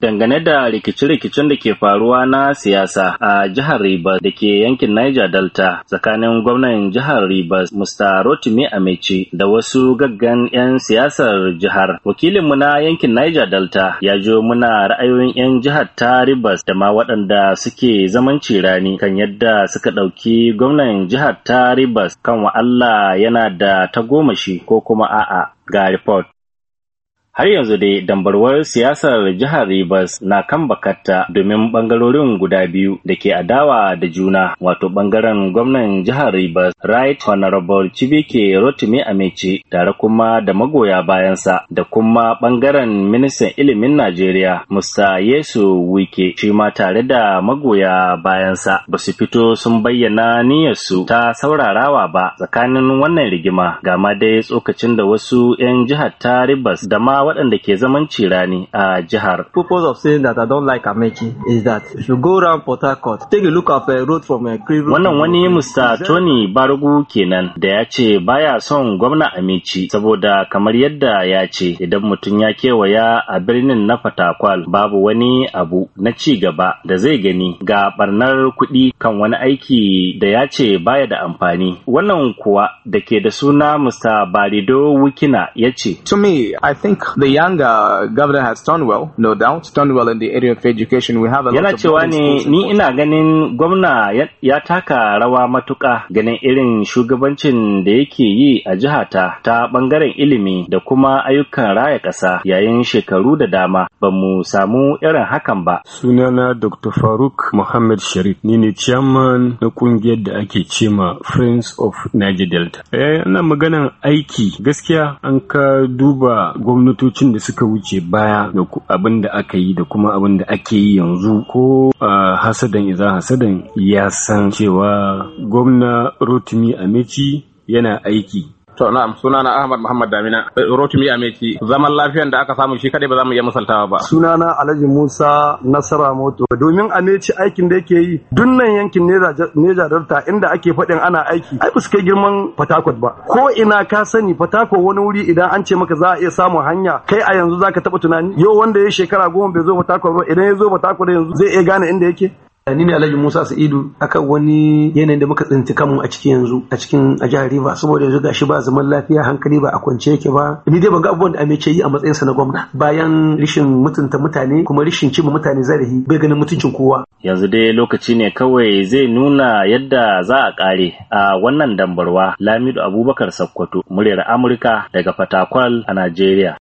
Dangane da rikice-rikicen da ke faruwa na siyasa a jihar Rivers da ke yankin Niger Delta tsakanin gwamnan jihar Rivers Mr. Rotimi Amechi da wasu gaggan 'yan siyasar jihar. Wakilinmu na yankin Niger Delta ya jo muna ra'ayoyin 'yan jihar ta Rivers da ma waɗanda suke zaman cirani kan yadda suka ɗauki gwamnan jihar ta Rivers kan Allah yana da ta goma shi ko kuma a'a ga report. har yanzu dai dambarwar siyasar jihar Rivers na kan bakatta domin bangarorin guda biyu da ke adawa da juna wato bangaren gwamnan jihar Rivers Right Honorable Chibike Rotimi Amechi tare kuma da magoya bayansa da kuma bangaren ministan ilimin Najeriya Musa Yesu Wike shi ma tare da magoya bayansa ba su fito sun bayyana niyyarsu ta saurarawa ba tsakanin wannan rigima gama dai tsokacin da wasu 'yan jihar ta Rivers da ma waɗanda ke zaman cirani a jihar. Purpose of saying that I don't like Ameki is that if you go around Port Harcourt, take a look at a road from uh, a Wannan wani Mr. Tony Barugu kenan da ya ce baya son gwamna Amici saboda kamar yadda ya ce idan mutum ya kewaya a birnin na Fatakwal babu wani abu na ci gaba da zai gani ga barnar kuɗi kan wani aiki da ya ce baya da amfani. Wannan kuwa da ke da suna Mr. Barido Wikina ya ce. To me, I think The young uh, governor has done well, no doubt, done well in the area of education. We have a Yana cewa ne ni ina ganin gwamna ya taka rawa matuka ganin irin shugabancin da yake yi a jihata ta bangaren ilimi da kuma ayyukan raya ƙasa yayin shekaru da dama ba mu samu irin hakan ba. Sunana Dr. Faruk Muhammad Sharif ni ne chairman na kungiyar da ake cema Friends of Niger Delta. Eh, ana maganan aiki gaskiya an ka duba gwamnati gwamnatocin da suka wuce baya da abin da aka yi da kuma abin da ake yi yanzu ko a hasadan iza hasadan ya san cewa gwamna rotimi Amici yana aiki To na'am sunana Ahmad Muhammad Damina Rotimi Ameci zaman lafiyan da aka samu shi kadai ba za mu iya misaltawa ba. Sunana Alhaji Musa Nasara Moto domin Ameci aikin da yake yi dunnan yankin Neja Delta inda ake faɗin ana aiki ai ba su kai girman Fatakwat ba. Ko ina ka sani Fatakwat wani wuri idan an ce maka za a iya samun hanya kai a yanzu zaka taɓa tunani yau wanda ya shekara goma bai zo Fatakwat ba idan ya zo Fatakwat yanzu zai iya gane inda yake. ni ne alhaji musa sa'idu akan wani yanayin da muka tsinci kanmu a cikin yanzu a cikin a jihar riva saboda yanzu gashi ba zaman lafiya hankali ba a kwance yake ba ni dai ban ga abubuwan da amince yi a matsayinsa na gwamna bayan rishin mutunta mutane kuma rishin cimma mutane zarafi bai ganin mutuncin kowa yanzu dai lokaci ne kawai zai nuna yadda za a kare a wannan dambarwa Lamidu abubakar sakkwato muryar amurka daga fatakwal a najeriya